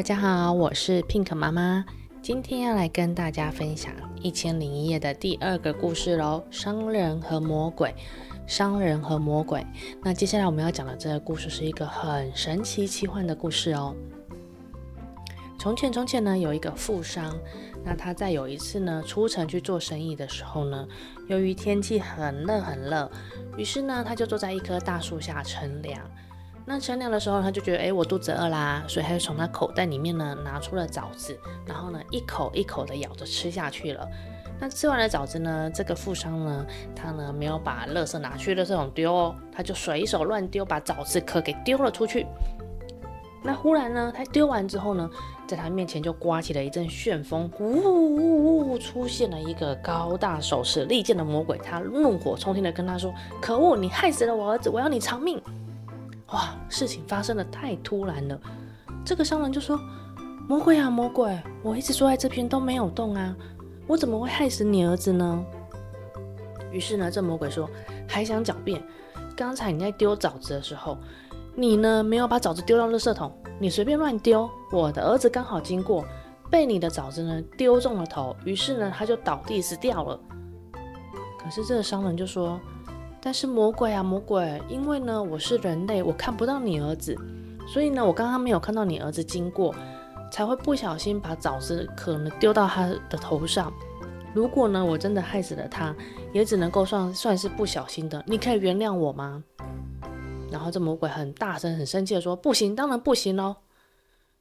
大家好，我是 Pink 媽媽，今天要來跟大家分享《一千零一夜》的第二個故事嘍，《商人和魔鬼》。商人和魔鬼。那接下來我們要講的這個故事是一個很神奇奇幻的故事哦。從前，從前呢，有一個富商，那他在有一次呢出城去做生意的時候呢，由於天氣很熱很熱，於是呢他就坐在一棵大樹下乘涼。那乘涼的時候，他就覺得哎，我肚子餓啦，所以他就從他口袋裡面呢拿出了棗子，然後呢一口一口的咬着吃下去了。那吃完了棗子呢，這個富商呢，他呢沒有把垃圾拿去垃圾桶丟哦，他就隨手亂丟，把棗子殼給丟了出去。那忽然呢，他丟完之後呢，在他面前就刮起了一陣旋風，嗚，嗚嗚，出現了一個高大手持利劍的魔鬼，他怒火衝天的跟他說：“可惡，你害死了我兒子，我要你償命！”哇，事情發生的太突然了！這個商人就說：“魔鬼啊魔鬼，我一直坐在這邊都沒有動啊，我怎麼會害死你兒子呢？”於是呢，這魔鬼說：“還想狡辯？剛才你在丟棗子的時候，你呢沒有把棗子丟到垃圾桶，你隨便亂丟，我的兒子剛好經過，被你的棗子呢丟中了頭，於是呢他就倒地死掉了。”可是這個商人就說。但是魔鬼啊魔鬼，因為呢我是人類，我看不到你兒子，所以呢我剛剛沒有看到你兒子經過，才會不小心把棗子可能丟到他的頭上。如果呢我真的害死了他，也只能夠算算是不小心的，你可以原諒我嗎？然後這魔鬼很大聲很生氣的說：不行，當然不行咯！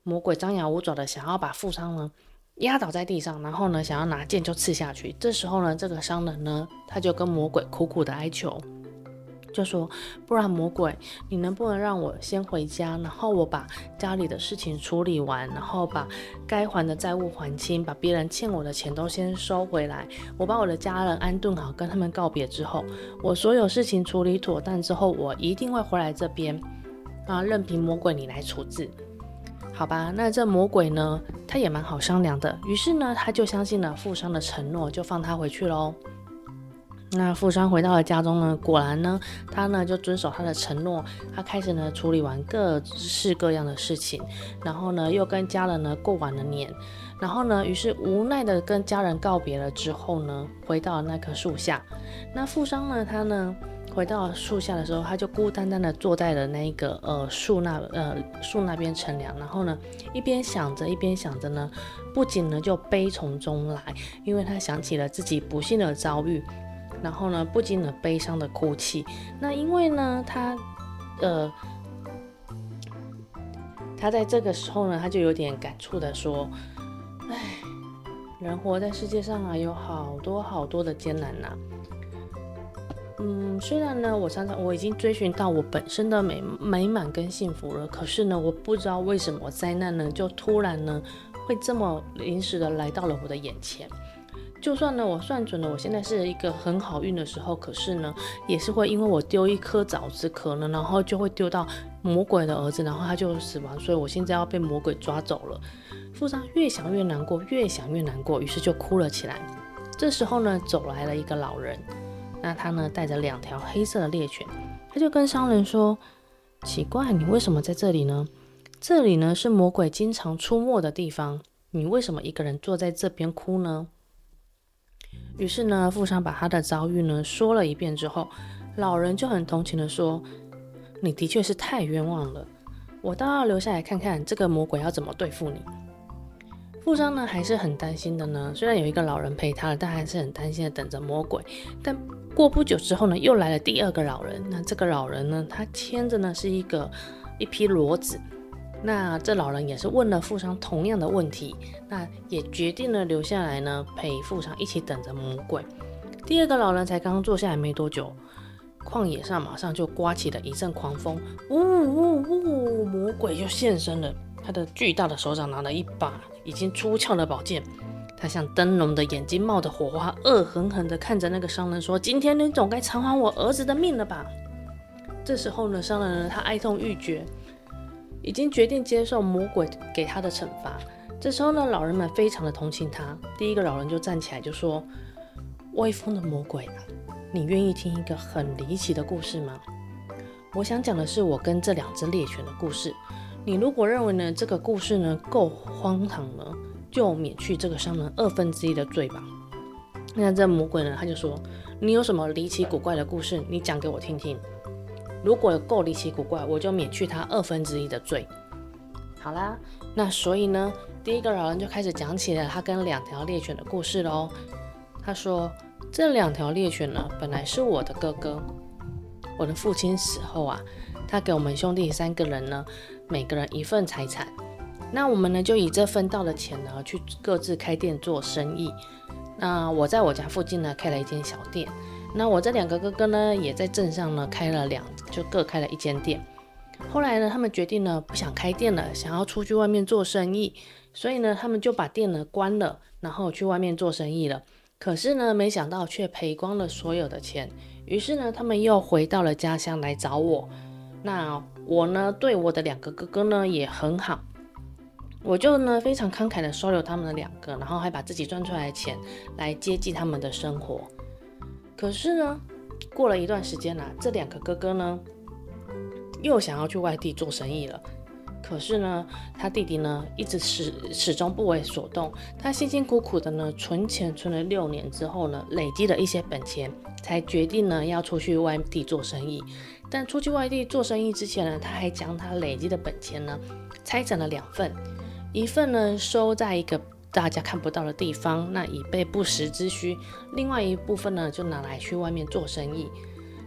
魔鬼張牙舞爪的想要把富商呢。壓倒在地上，然後呢，想要拿劍就刺下去。這時候呢，這個商人呢，他就跟魔鬼苦苦的哀求，就說：“不然，魔鬼，你能不能讓我先回家？然後我把家裡的事情處理完，然後把該還的債務還清，把別人欠我的錢都先收回來。我把我的家人安頓好，跟他們告別之後，我所有事情處理妥當之後，我一定會回來這邊，啊，任憑魔鬼你來處置。”好吧，那這魔鬼呢，他也蠻好商量的。於是呢，他就相信了富商的承諾，就放他回去嘍。那富商回到了家中呢，果然呢，他呢就遵守他的承諾，他開始呢處理完各式各樣的事情，然後呢又跟家人呢過完了年，然後呢，於是無奈的跟家人告別了之後呢，回到了那棵樹下。那富商呢，他呢。回到樹下的時候，他就孤單單的坐在了那一個呃樹那呃樹那邊乘涼，然後呢一邊想着一邊想着呢，不禁呢就悲從中來，因為他想起了自己不幸的遭遇，然後呢不禁的悲傷的哭泣。那因為呢他呃他在這個時候呢他就有點感觸的說，唉，人活在世界上啊有好多好多的艱難吶、啊。嗯，雖然呢，我常常我已經追尋到我本身的美美滿跟幸福了，可是呢，我不知道為什麼災難呢，就突然呢，會這麼臨時的來到了我的眼前。就算呢，我算準了我現在是一個很好運的時候，可是呢，也是會因為我丟一顆棗子殼呢，然後就會丟到魔鬼的兒子，然後他就死亡，所以我現在要被魔鬼抓走了。富商越想越難過，越想越難過，於是就哭了起來。這時候呢，走來了一個老人。那他呢，帶着兩條黑色的獵犬，他就跟商人說：“奇怪，你為什麼在這裡呢？這裡呢是魔鬼經常出沒的地方，你為什麼一個人坐在這邊哭呢？”於是呢，富商把他的遭遇呢說了一遍之後，老人就很同情的說：“你的確是太冤枉了，我倒要留下來看看這個魔鬼要怎麼對付你。”富商呢還是很擔心的呢，雖然有一個老人陪他了，但還是很擔心的等着魔鬼，但。過不久之後呢，又來了第二個老人。那這個老人呢，他牽着呢是一個一匹騾子。那這老人也是問了富商同樣的問題，那也決定了留下來呢陪富商一起等着魔鬼。第二個老人才剛剛坐下來沒多久，曠野上馬上就颳起了一陣狂風，嗚嗚嗚！魔鬼就現身了，他的巨大的手掌拿了一把已經出鞘的寶劍。他像燈籠的眼睛冒着火花，惡狠狠地看着那個商人說：“今天你總該償還我兒子的命了吧？”這時候呢，商人呢他哀痛欲絕，已經決定接受魔鬼給他的懲罰。這時候呢，老人們非常的同情他。第一個老人就站起來就說：“威風的魔鬼啊，你願意聽一個很離奇的故事嗎？我想講的是我跟這兩隻獵犬的故事。你如果認為呢這個故事呢夠荒唐了，”就免去這個商人二分之一的罪吧。那這魔鬼呢，他就說：“你有什麼離奇古怪的故事，你講給我聽聽。如果有夠離奇古怪，我就免去他二分之一的罪。”好啦，那所以呢，第一個老人就開始講起了他跟兩條獵犬的故事嘍。他說：“這兩條獵犬呢，本來是我的哥哥。我的父親死後啊，他給我們兄弟三個人呢，每個人一份財產。”那我們呢，就以這分到的錢呢，去各自開店做生意。那我在我家附近呢開了一間小店。那我這兩個哥哥呢，也在鎮上呢開了兩，就各開了一間店。後來呢，他們決定呢不想開店了，想要出去外面做生意，所以呢，他們就把店呢關了，然後去外面做生意了。可是呢，沒想到卻賠光了所有的錢。於是呢，他們又回到了家鄉來找我。那我呢，對我的兩個哥哥呢也很好。我就呢非常慷慨的收留他們的兩個，然後還把自己賺出來的錢來接濟他們的生活。可是呢，過了一段時間啦、啊，這兩個哥哥呢，又想要去外地做生意了。可是呢，他弟弟呢，一直始始終不為所動。他辛辛苦苦的呢，存錢存了六年之後呢，累積了一些本錢，才決定呢要出去外地做生意。但出去外地做生意之前呢，他還將他累積的本錢呢，拆成了兩份。一份呢收在一個大家看不到的地方，那以備不時之需；另外一部分呢就拿來去外面做生意。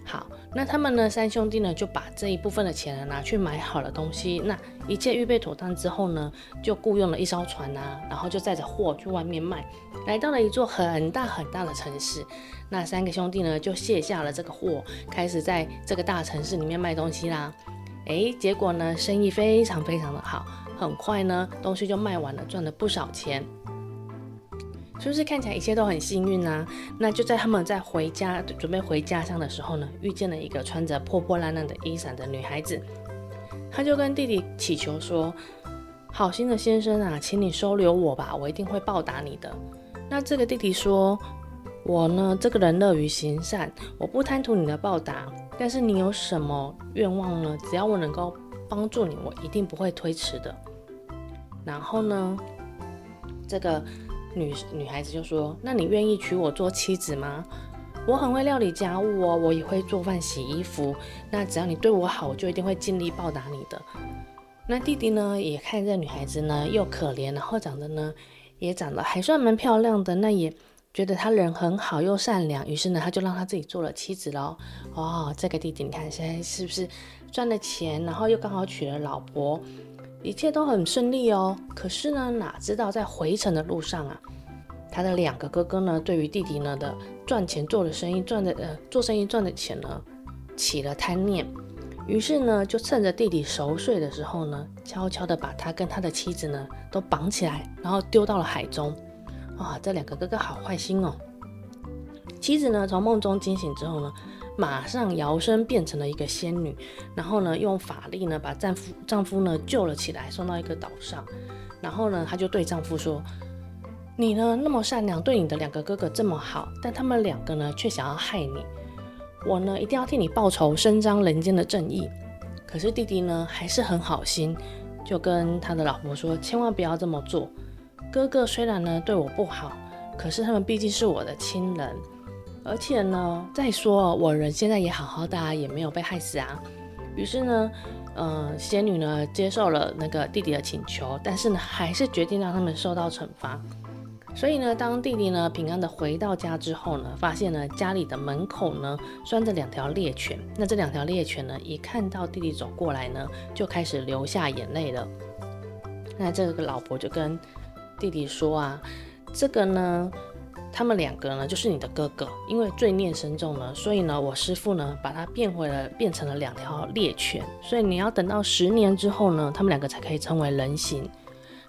好，那他們呢三兄弟呢就把這一部分的錢呢拿去買好了東西。那一切預備妥當之後呢，就雇傭了一艘船吶啊，然後就載着貨去外面賣。來到了一座很大很大的城市，那三個兄弟呢就卸下了這個貨，開始在這個大城市裡面賣東西啦。誒，結果呢生意非常非常的好。很快呢，東西就賣完了，賺了不少錢，是不是看起來一切都很幸運啊？那就在他們在回家準備回家鄉的時候呢，遇見了一個穿着破破爛爛的衣裳的女孩子，他就跟弟弟祈求說：“好心的先生啊，請你收留我吧，我一定會報答你的。”那這個弟弟說：“我呢，這個人樂於行善，我不貪圖你的報答，但是你有什麼願望呢？只要我能夠幫助你，我一定不會推辭的。”然後呢，這個女女孩子就說：“那你願意娶我做妻子嗎？我很會料理家務哦，我也會做飯、洗衣服。那只要你對我好，我就一定會盡力報答你的。”那弟弟呢，也看這女孩子呢又可憐，然後長得呢也長得還算蠻漂亮的，那也覺得她人很好又善良，於是呢，他就讓她自己做了妻子嘍。哦，這個弟弟你看現在是不是賺了錢，然後又剛好娶了老婆？一切都很順利哦，可是呢，哪知道，在回程的路上啊，他的兩個哥哥呢，對於弟弟呢的賺錢做的生意賺的，呃，做生意賺的錢呢，起了貪念，於是呢，就趁着弟弟熟睡的時候呢，悄悄的把他跟他的妻子呢都綁起來，然後丟到了海中。哇、哦，這兩個哥哥好壞心哦！妻子呢從夢中驚醒之後呢，馬上搖身變成了一個仙女，然後呢，用法力呢把丈夫丈夫呢救了起來，送到一個島上。然後呢，她就對丈夫說：“你呢那麼善良，對你的兩個哥哥這麼好，但他們兩個呢卻想要害你。我呢一定要替你報仇，伸張人間的正義。”可是弟弟呢還是很好心，就跟他的老婆說：“千萬不要這麼做。哥哥雖然呢對我不好，可是他們畢竟是我的親人。”而且呢，再說我人現在也好好的啊，也沒有被害死啊。於是呢，呃，仙女呢接受了那個弟弟的請求，但是呢，還是決定讓他們受到懲罰。所以呢，當弟弟呢平安的回到家之後呢，發現呢，家裡的門口呢拴着兩條獵犬。那這兩條獵犬呢，一看到弟弟走過來呢，就開始流下眼淚了。那這個老婆就跟弟弟說啊，這個呢。他們兩個呢，就是你的哥哥，因為罪孽深重呢，所以呢，我師父呢，把他變回了，變成了兩條獵犬。所以你要等到十年之後呢，他們兩個才可以成為人形。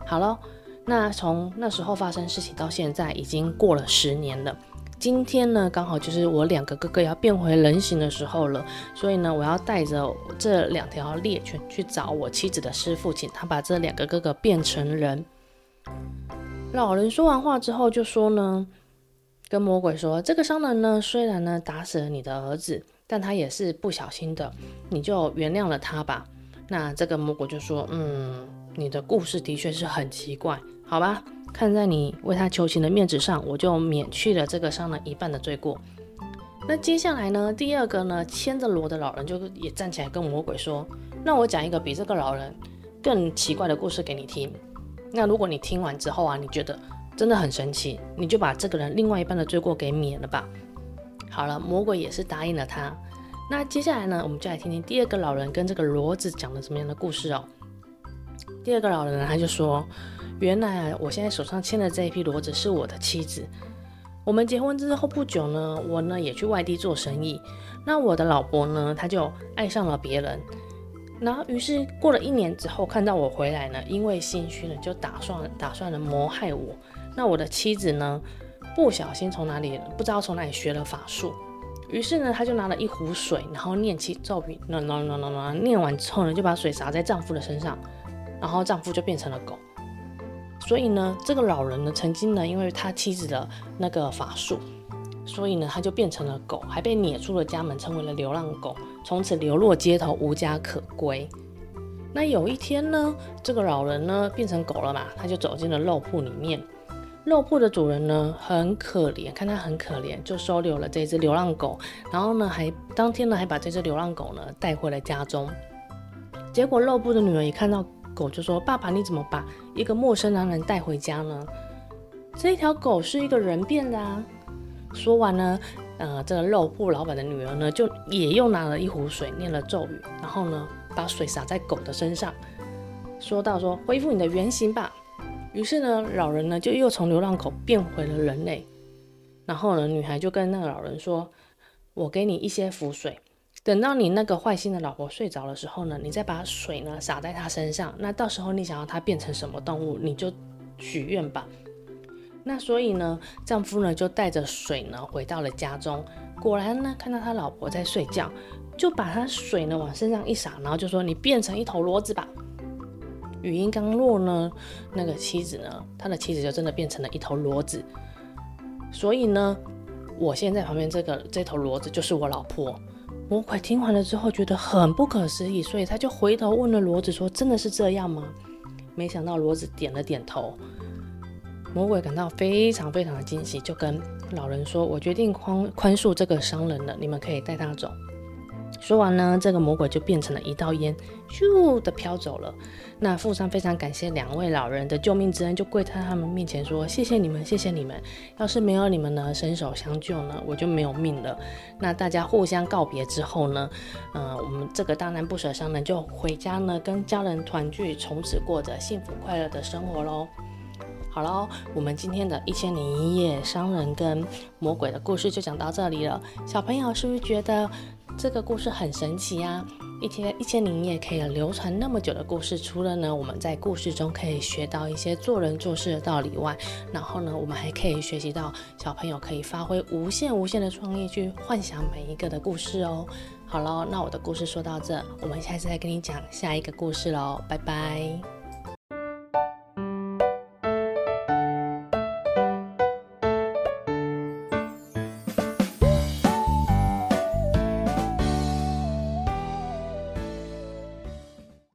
好了，那從那時候發生事情到現在，已經過了十年了。今天呢，剛好就是我兩個哥哥要變回人形的時候了。所以呢，我要帶着這兩條獵犬去找我妻子的師父，請他把這兩個哥哥變成人。老人說完話之後，就說呢。跟魔鬼說，這個商人呢，雖然呢打死了你的兒子，但他也是不小心的，你就原諒了他吧。那這個魔鬼就說，嗯，你的故事的確是很奇怪，好吧，看在你為他求情的面子上，我就免去了這個商人一半的罪過。那接下來呢，第二個呢，牽着騾的老人就也站起來跟魔鬼說，那我講一個比這個老人更奇怪的故事給你聽。那如果你聽完之後啊，你覺得真的很神奇，你就把這個人另外一半的罪過給免了吧。好了，魔鬼也是答應了他。那接下來呢，我們就來聽聽第二個老人跟這個騾子講了什麼樣的故事哦。第二個老人呢，他就說，原來我現在手上牽的這一匹騾子是我的妻子。我們結婚之後不久呢，我呢也去外地做生意，那我的老婆呢，她就愛上了別人。然後於是過了一年之後，看到我回來呢，因為心虛呢，就打算打算了謀害我。那我的妻子呢，不小心從哪裡，不知道從哪裡學了法術，於是呢，她就拿了一壺水，然後念起咒語，能能能能能，念完之後呢，就把水灑在丈夫的身上，然後丈夫就變成了狗。所以呢，這個老人呢，曾經呢，因為他妻子的那個法術，所以呢，他就變成了狗，還被攆出了家門，成為了流浪狗，從此流落街頭，無家可歸。那有一天呢，這個老人呢，變成狗了嘛，他就走進了肉鋪裡面。肉鋪的主人呢，很可憐，看他很可憐，就收留了這隻流浪狗，然後呢，還當天呢，還把這隻流浪狗呢帶回了家中。結果肉鋪的女兒一看到狗，就說：“爸爸，你怎麼把一個陌生男人帶回家呢？”這一條狗是一個人變的啊。說完呢，呃，這個肉鋪老闆的女兒呢，就也又拿了一壺水，念了咒語，然後呢，把水灑在狗的身上，說道說：“說恢復你的原形吧。”於是呢，老人呢就又從流浪狗變回了人類。然後呢，女孩就跟那個老人說：“我給你一些符水，等到你那個壞心的老婆睡着的時候呢，你再把水呢灑在她身上。那到時候你想要她變成什麼動物，你就許願吧。”那所以呢，丈夫呢就帶着水呢回到了家中。果然呢，看到他老婆在睡覺，就把他水呢往身上一灑，然後就說：“你變成一頭騾子吧。”語音剛落呢，那個妻子呢，他的妻子就真的變成了一頭騾子。所以呢，我現在旁邊這個這頭騾子就是我老婆。魔鬼聽完了之後覺得很不可思議，所以他就回頭問了騾子說：“真的是這樣嗎？”沒想到騾子點了點頭。魔鬼感到非常非常的驚喜，就跟老人說：“我決定寬寬恕這個商人了，你們可以帶他走。”說完呢，這個魔鬼就變成了一道煙，咻的飄走了。那富商非常感謝兩位老人的救命之恩，就跪在他們面前說：“謝謝你們，謝謝你們！要是沒有你們呢，伸手相救呢，我就沒有命了。”那大家互相告別之後呢，嗯、呃，我們這個大難不死的商人就回家呢，跟家人團聚，從此過着幸福快樂的生活嘍。好嘍，我們今天的一千零一夜商人跟魔鬼的故事就講到這裡了。小朋友是不是覺得？這個故事很神奇呀，啊！一天一千零一夜可以流傳那麼久的故事，除了呢，我們在故事中可以學到一些做人做事的道理外，然後呢，我們還可以學習到小朋友可以發揮無限無限的創意，去幻想每一個的故事哦。好了，那我的故事說到這，我們下次再跟你講下一個故事嘍，拜拜。